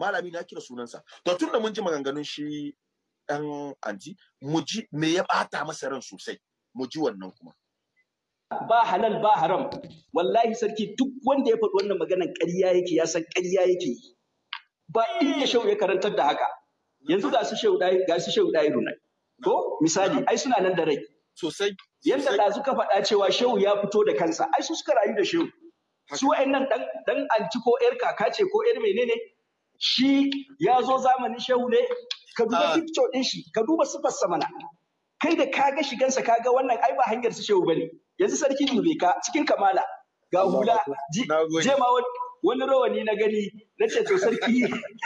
malami na kira sunansa to tun da mun ji maganganun shi dan anti mu ji me ya bata masa ran sosai mu ji wannan kuma ba halal ba haram wallahi sarki duk wanda ya faɗi wannan maganan ƙarya yake ya san ƙarya yake ba inda shau ya karantar da haka yanzu ga su shau ga su shau dai runai ko misali ai suna nan da rai sosai yanda da suka faɗa cewa shau ya fito da kansa ai su suka rayu da shau su wa'annan dan dan anti ko yar kaka ce ko yar menene shi ya zo zamanin shehu ne ka duba ah. picture din shi ka duba sifarsa mana kai da ka ga shigansa ka ga wannan ai ba hanyar su shehu bane yanzu sarki ka cikin kamala ga hula je ma wani rawani na gani na ce to sarki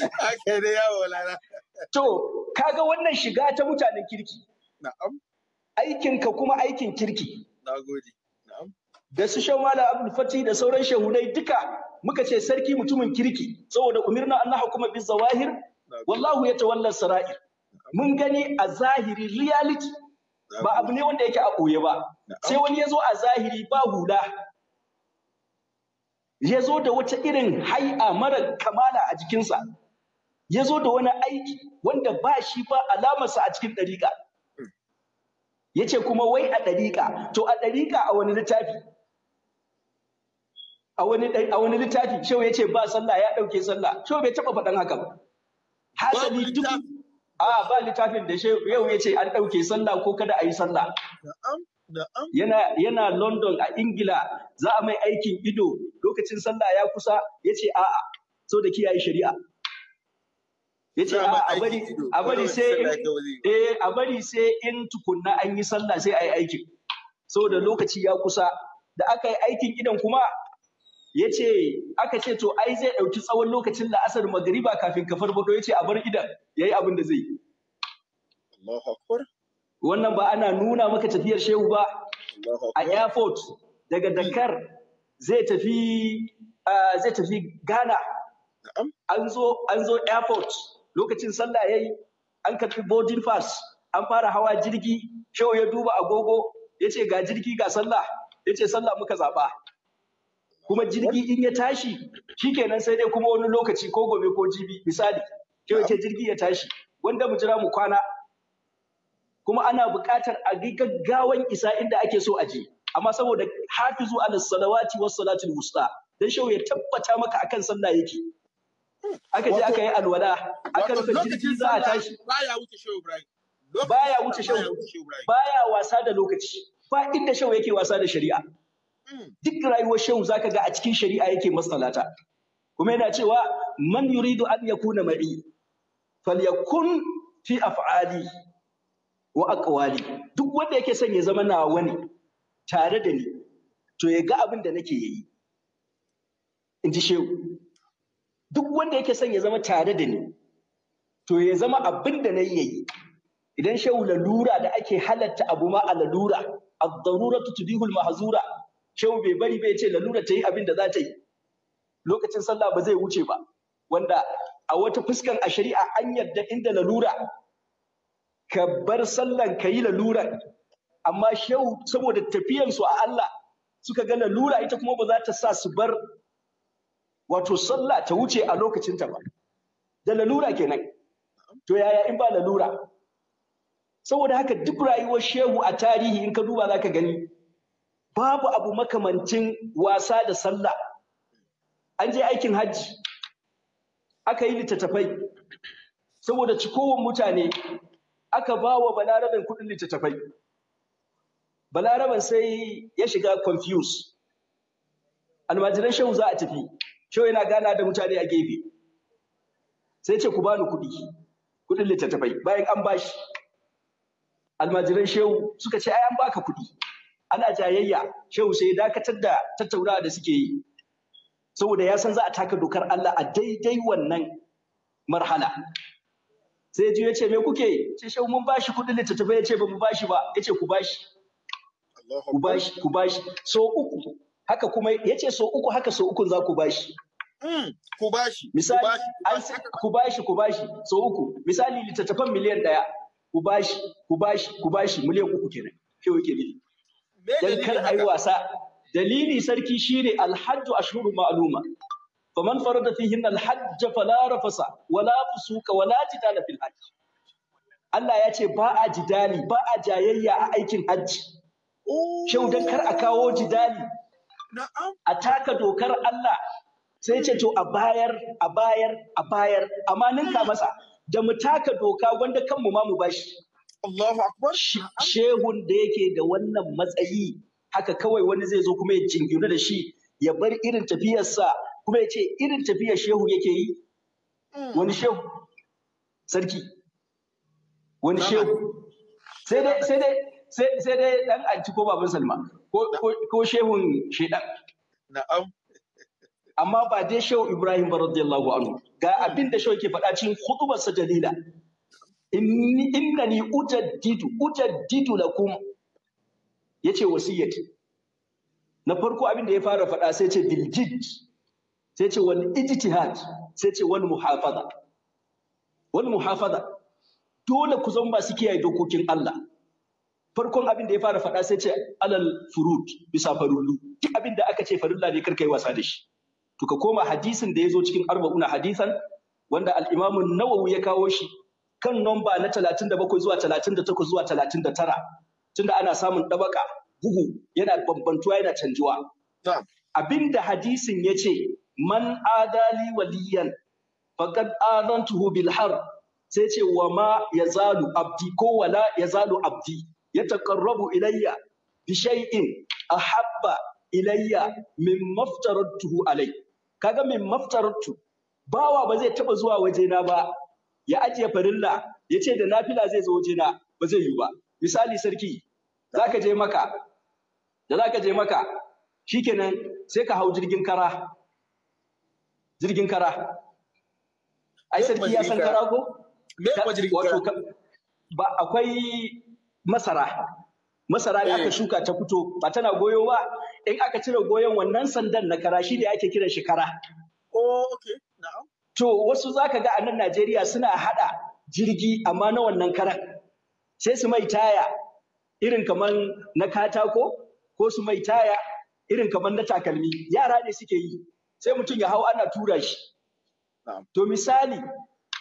Ake dai yawo lana. To, ga wannan shiga ta mutanen kirki. Na'am. Aikinka kuma aikin kirki. nagode Na'am. Da su shan mala abul fati da sauran shehunai duka muka ce sarki mutumin kirki saboda umirna Allah hukuma bi zawahir wallahu ya tawalla sara'ir mun gani a zahiri reality ba abu ne wanda yake a ɓoye ba sai wani ya zo a zahiri ba hula ya zo da wata irin hai'a mara kamala a jikinsa ya zo da wani aiki wanda ba shi ba alamarsa a cikin ɗariƙa ya ce kuma wai a ɗariƙa to a ɗariƙa a wani littafi a wani a wani littafi shehu ya ce ba sallah ya ɗauke sallah shehu bai taɓa faɗan haka ba hasali duk a ba littafin da shehu ya ce an ɗauke sallah ko kada a yi sallah yana yana London a Ingila za a mai aikin ido lokacin sallah ya kusa ya ce a'a so da kiyaye shari'a ya ce a bari sai in eh, a bari sai in tukunna an yi sallah sai a yi aikin so da lokaci ya kusa da aka yi aikin idan kuma ya ce aka ce to ai zai ɗauki tsawon lokacin la'asar magariba kafin ka farfado ya ce a bar idan ya yi abin da zai yi. Wannan ba ana nuna maka tafiyar shehu ba a airport daga Dakar zai tafi zai tafi Ghana. An zo an zo airport lokacin sallah yayi an karfi boarding pass an fara hawa jirgi shehu ya duba agogo ya ce ga jirgi ga sallah ya ce sallah muka zaɓa. kuma jirgi in ya tashi shikenan sai dai kuma wani lokaci ko gobe ko jibi misali ke ce jirgi ya tashi wanda mu jira mu kwana kuma ana buƙatar a gaggawan isa inda ake so a je amma saboda hafizu ala salawati was salatul wusta dan shawo ya tabbata maka akan sallah yake aka je aka yi alwala aka rufe jirgi za a tashi baya wuce shau, ibrahim baya wuce shehu baya wasa da lokaci ba inda shau yake wasa da shari'a duk rayuwar shehu zaka ga a cikin shari'a yake masallata kuma yana cewa man yuridu an yakuna ma'i falyakun fi af'ali wa aqwali duk wanda yake son ya zama nawa ne tare da ni to ya ga abin da nake yi in ji shehu duk wanda yake son ya zama tare da ni to ya zama abin da na yi idan shehu lalura da ake halatta abu ma a lalura ad-daruratu tudihul mahzura shehu bai bari bai ce lalura ta yi abin da za ta yi lokacin sallah ba zai wuce ba wanda a wata fuskan a shari'a an yarda inda lalura ka bar sallan ka yi lalura amma shehu saboda tafiyansu a Allah suka ga lalura ita kuma ba za ta sa su bar wato sallah ta wuce a lokacinta ba da lalura kenan to yaya in ba lalura saboda haka duk rayuwar shehu a tarihi in ka duba za ka gani babu abu makamancin wasa da sallah an je aikin hajji aka yi litattafai saboda cikowar mutane aka ba wa balaraben kudin littattafai balaraben sai ya shiga confuse almajiran shehu za a tafi shehu yana gana da mutane a gefe sai ce ku bani kudi kudin littattafai bayan an bashi almajiran shehu suka ce ai an baka kudi ana jayayya shehu sai dakatar da tattaunawa da suke yi saboda ya san za a taka dokar Allah a daidai wannan marhala sai ji ya ce me kuke yi ce shehu mun bashi kuɗin littattafai ya ce ba mu bashi ba ya ce ku bashi ku bashi ku bashi so uku haka kuma ya ce so uku haka so ukun za ku bashi hmm, ku bashi misali ku bashi ku bashi so uku misali littattafan miliyan ɗaya ku bashi ku bashi ku bashi miliyan uku kenan shehu yake nufi dan kar a yi wasa dalili sarki shine Alhaju ashhurun ma'luma faman farada fihin alhajja fala rafasa wala fusuka wala jidala fil hajj Allah ya ce ba a jidali ba a jayayya a aikin hajji shau dan kar a kawo jidali a taka dokar Allah sai ce to a bayar a bayar a bayar amma ninka masa da mu taka doka wanda kanmu ma mu bashi Allahu akbar shehun da yake da wannan matsayi haka kawai wani zai zo kuma ya jingina da shi ya bar irin tafiyarsa kuma ya ce irin tafiyar shehu yake yi mm. wani shehu sarki wani shehu sai dai sai dai sai dai dan anti ko baban salma ko shehun shedan na'am amma ba dai shehu ibrahim ba radiyallahu anhu ga abin da shehu yake faɗa cikin hudubar sa jalila innani ujaddidu ujaddidu lakum yace wasiyyati na farko abin da ya fara faɗa sai ce biljid sai ce wani ijtihad sai ce wani muhafaza wani muhafaza dole ku zama masu kiyaye dokokin Allah farkon abin da ya fara faɗa sai ce alal furud bisa farullu duk abin da aka ce farulla ne karka yi wasa da shi to ka koma hadisin da ya zo cikin arba'una hadisan wanda al-imamu nawawi ya kawo shi kan nomba na 37 zuwa 38 zuwa 39 tunda ana samun ɗabaka bugu yana bambantuwa yana canjuwa. Abinda hadisin ya ce man adali waliyan faqad adantuhu bil har sai ce wa ma zalu abdi ko wala ya zalu abdi Ya yataqarrabu ilayya bi shay'in ahabba ilayya min maftaratuhu alai kaga min maftaratu bawa ba zai taɓa zuwa waje na ba ya ajiye farilla ya ce da nafila zai zo wajena ba zai yiwu ba misali sarki za ka je maka da za ka je maka shikenan sai ka hau jirgin kara jirgin kara ai sarki ya san kara ko wato ba akwai masara masara da aka eh. shuka ta fito ba tana goyo ba in aka cire goyon wannan sandan na kara shi ne ake kiran shi kara oh, okay. To wasu za ka ga a nan Najeriya suna haɗa jirgi amma na wannan karan. Sai su mai taya irin kamar na katako ko su mai taya irin kamar na takalmi. Yara ne suke yi. Sai mutum ya hau ana tura shi. To misali,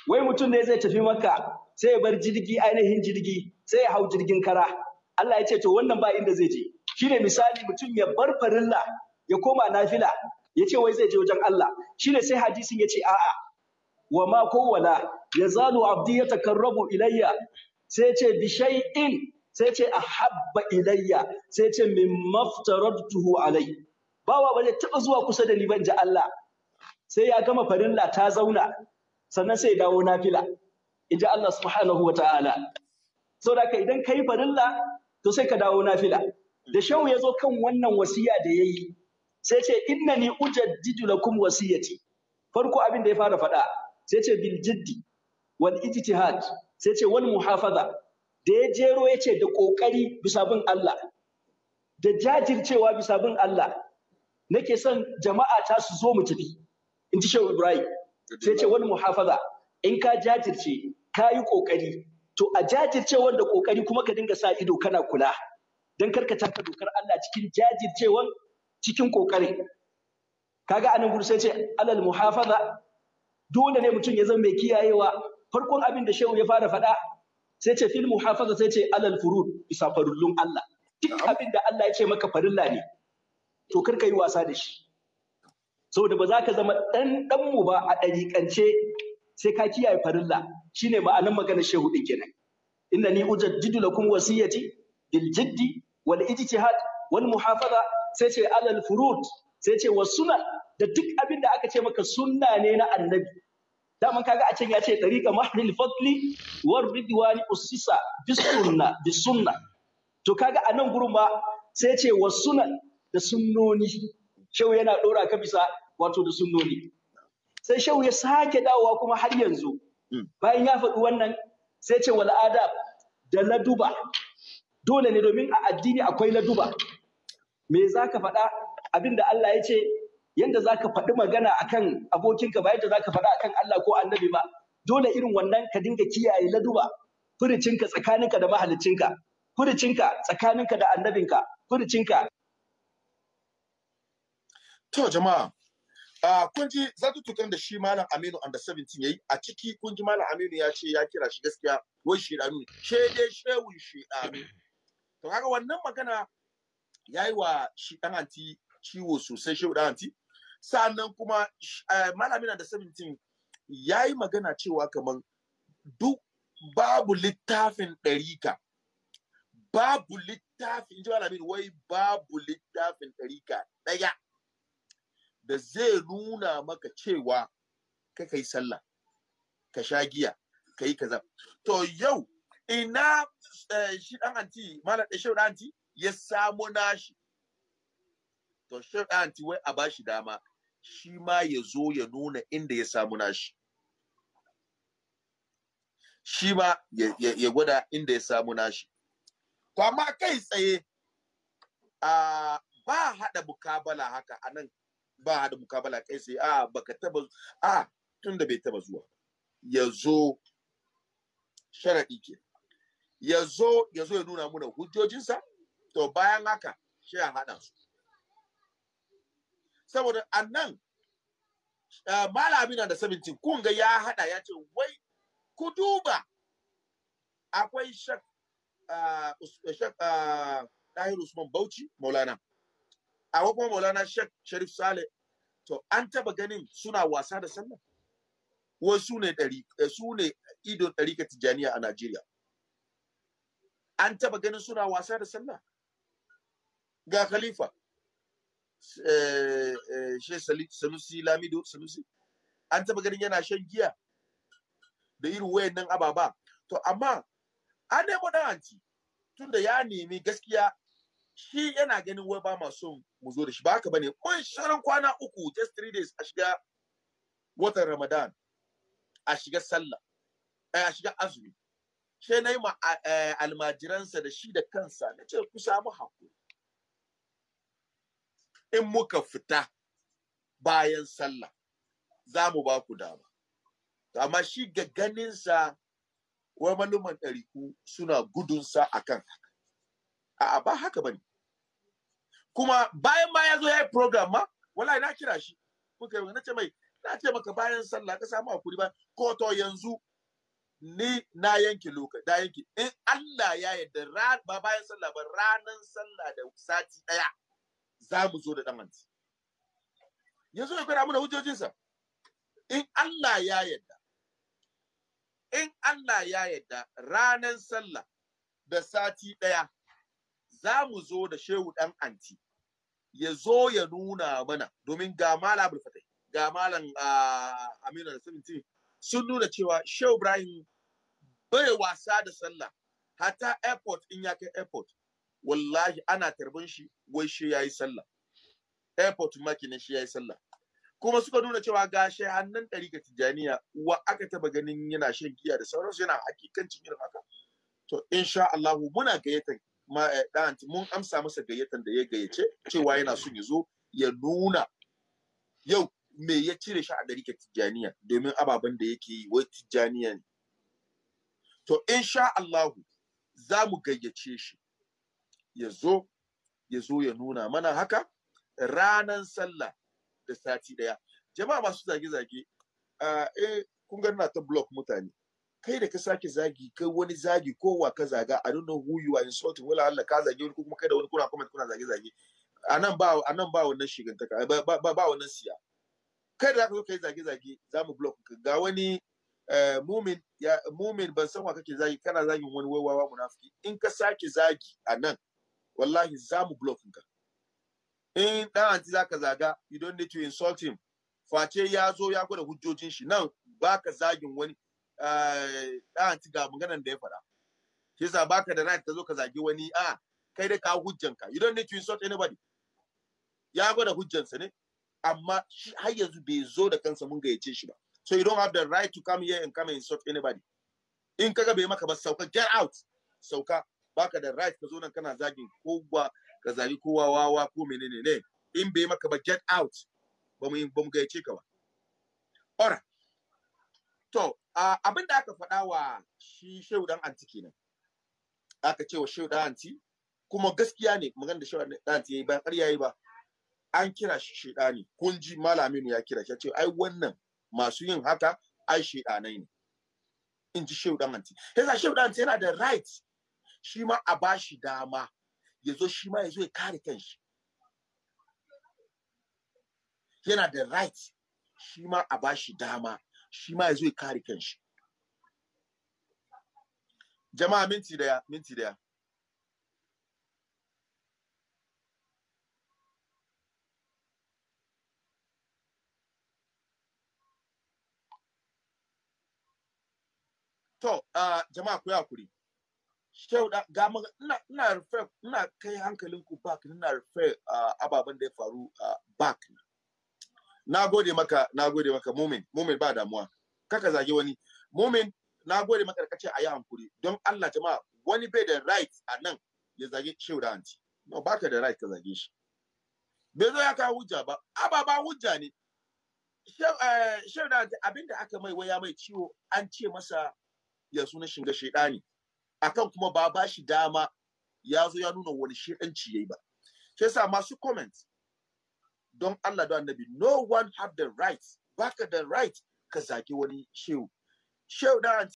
wai mutum ne zai tafi maka sai ya bar jirgi ainihin jirgi sai ya hau jirgin kara. Allah ya ce to wannan ba inda zai je. Shi ne misali mutum ya bar farilla ya koma nafila ya ce wai zai je wajen Allah. Shi ne sai hadisin ya ce a'a wa ma kowala ya zalu abdi ya takarrabu ilayya sai ce bi shay'in sai ce ahabba ilayya sai ce min maftaratuhu alai bawa ba zai taba zuwa kusa da ni ban ji Allah sai ya gama farilla ta zauna sannan sai ya dawo nafila inji Allah subhanahu wa ta'ala saboda idan kai farilla to sai ka dawo nafila da shehu ya zo kan wannan wasiya da ya yi sai ce innani ujaddidu lakum wasiyati farko abin da ya fara faɗa sai ce bil jiddi wal ijtihad sai ce wal muhafaza da ya jero ya ce da ƙoƙari bisa bin Allah da jajircewa bisa bin Allah nake son jama'a ta su zo mu tafi in ji shehu ibrahim sai ce wani muhafaza in ka jajirce ka yi ƙoƙari to a jajircewan da ƙoƙari kuma ka dinga sa ido kana kula don karka taka dokar Allah cikin jajircewan cikin ƙoƙarin kaga anan gudu sai ce alal muhafaza dole ne mutum ya zama mai kiyayewa farkon abin da shehu ya fara faɗa sai ce fil hafaza sai ce alal furud bisa farullun Allah duk abin da Allah ya ce maka farilla ne to kar ka yi wasa da shi saboda ba za ka zama ɗanɗan mu ba a ɗariƙance sai ka kiyaye farilla shine ma'anar maganar shehu ɗin kenan inna ni ujaddidu lakum wasiyati bil jiddi wal ijtihad wal muhafaza sai ce alal furud sai ce wasunan da duk abin da aka ce maka sunna ne na annabi daman kaga a can ya ce tariqa mahdil fadli war ridwani usisa bi sunna to kaga a nan gurin ba sai ce wa sunna da sunnoni shehu yana dora ka bisa wato da sunnoni sai shehu ya sake dawowa kuma har yanzu hmm. bayan ya faɗi wannan sai ce wal adab da laduba dole ne domin a addini akwai laduba me zaka faɗa abinda Allah ya ce yanda zaka faɗi magana akan abokinka ba yadda zaka faɗa akan Allah ko annabi ba dole irin wannan ka dinga kiyaye laduba furicinka tsakaninka da mahalicinka, furicinka tsakaninka da annabinka furicinka. to jama'a Uh, kun ji zatutukan da shi Malam Aminu under 17 yayi a ciki kun ji Malam Aminu ya ce ya kira shi gaskiya wai shedanu ne she dai shewun shedanu to kaga wannan magana yayi wa shi dan anti ciwo sosai shehu dan anti Sannan kuma eh, malami na da 17 ya yi magana cewa kamar duk babu littafin ɗarika babu littafin ji malami wai babu littafin ɗarika ɗaya da zai nuna maka cewa ka kai sallah ka sha giya ka yi kaza to yau ina eh, shi ɗan anti malam eh, ɗan anti ya samu nashi to shi anti wai a bashi dama shi ma ya zo ya nuna inda ya samu nashi shi ma ya gwada inda ya samu nashi to amma kai tsaye a ba hada mukabala haka anan ba hada mukabala kai tsaye a baka taba a tunda bai taba zuwa ya zo sharaɗi ke ya ya zo ya nuna muna hujjojinsa to bayan haka shi a haɗa su saboda annan eh, malami da 17 kun ga ya hada ya ce wai ku duba akwai shak eh, eh, dahir usman bauchi maulana akwai kuma maulana shak sharif saleh to an taba ganin suna wasa da sallah wasu ne su ne idon ka tijjaniya a najeriya an taba ganin suna wasa da sallah ga khalifa Eh, eh, shi lamido an taba ganin yana shan giya da irin wayannan ababa to amma an nemo dan anti tunda ya nemi gaskiya shi yana ganin wai ba ma mu zo da shi ba haka bane mun shirin kwana uku just three days a shiga watan ramadan a shiga sallah eh, a shiga azumi sai na yi almajiransa da shi da kansa na ce ku samu hakuri in muka fita bayan sallah za mu ba ku dama amma shi ga ganinsa wa maluman ɗariku suna gudunsa a kan haka a ba haka ba ne kuma bayan ma ya zo ya yi program ma wala na kira shi muka yi na ce mai na ce maka bayan sallah ka samu hakuri ba ko to yanzu ni na yanke lokaci da yanke in Allah ya yarda ba bayan sallah ba ranan sallah da sati daya za mu zo da ɗan yanzu ya gwada mana hujjojinsa in Allah ya yadda in Allah ya yadda ranar sallah da sati ɗaya za mu zo da shehu ɗan anti ya zo ya nuna mana domin ga mala abulfatai ga malam ah, aminu da sun nuna cewa shehu ibrahim bai wasa da sallah hata airport in ya kai airport wallahi ana tarban shi wai shi yayi sallah airport makina shi yayi sallah kuma suka nuna cewa ga shehannan ɗarika Tijaniya wa aka taba ganin yana shan giya da sauransu yana hakikancin irin haka to insha Allah muna gayyatan ma dan eh, mun amsa masa gayyatan da ya gayyace cewa yana son ya zo ya nuna yau me ya cire shi a ɗarika tijjaniya domin ababen da yake yi wai tijjaniya ne to insha Allah za mu gayyace shi ya zo ya zo ya nuna mana haka ranan sallah da sati daya jama'a masu zage-zage eh kun ga ta block mutane kai da ka sake zagi kai wani zagi wa ka zaga a nuna who you are insulting wala Allah ka zage wani kuma kai da wani kuna comment kuna zage-zage anan ba anan ba wannan shigantaka ba ba, ba wannan siya kai da zaka kai zage-zage za mu block ga wani eh, mumin ya mumin ban san wa kake zagi kana zagin wani waiwawa munafiki in ka sake zagi a nan wallahi za mu block ka in dan anti zaka zaga you don't need to insult him face ya zo ya gwada hujjojin shi nan baka zagin wani eh, dan anti ga maganan da ya faɗa shi yasa baka da right ka zo ka zagi wani a kai dai ka hujjanka you don't need to insult anybody ya gwada hujjansa ne amma shi har yanzu bai zo da kansa mun gayyace shi ba so you don't have the right to come here and come and insult anybody in kaga bai maka ba sauka get out sauka baka da right ka zo nan kana zagin kowa ka zagi kowa wawa ko menene ne in bai maka ba get out ba mu ba mu gayyace ka ba ora to abin da aka faɗa wa shi shehu dan anti kenan aka ce wa shehu dan anti kuma gaskiya ne magana da shehu dan anti yayi ba ƙarya yayi ba an kira shi shedani kun ji malamin ya kira shi ya ce ai wannan masu yin haka ai shedanai ne in ji shehu dan anti sai shehu dan anti yana da right shi ma a ba shi dama ya zo shi ma ya zo ya kare kanshi yana da right shi ma a ba shi dama shi ma ya zo ya kare kanshi jama'a minti daya minti daya To, uh, jama'a ku yi hakuri. shauɗa ga ina ina refer ina kai hankalin ku back ina refer ababen da ya faru back na gode maka na gode maka mumin mumin ba damuwa kaka zage wani mumin na gode maka da kace a yi hankuri don Allah jama'a wani bai da right a nan ya zage shauɗa da anti no baka da right ka zage shi bai zo ya kawo hujja ba ababa hujja ne shauɗa eh, da abinda aka mai waya mai ciwo an ce masa ya suna shiga shaidani akan kuma ba ba shi dama ya zo ya nuna wani ya yi ba Ke sa masu comment don Allah da annabi no one have the right baka da right ka zaki wani shehu shehu da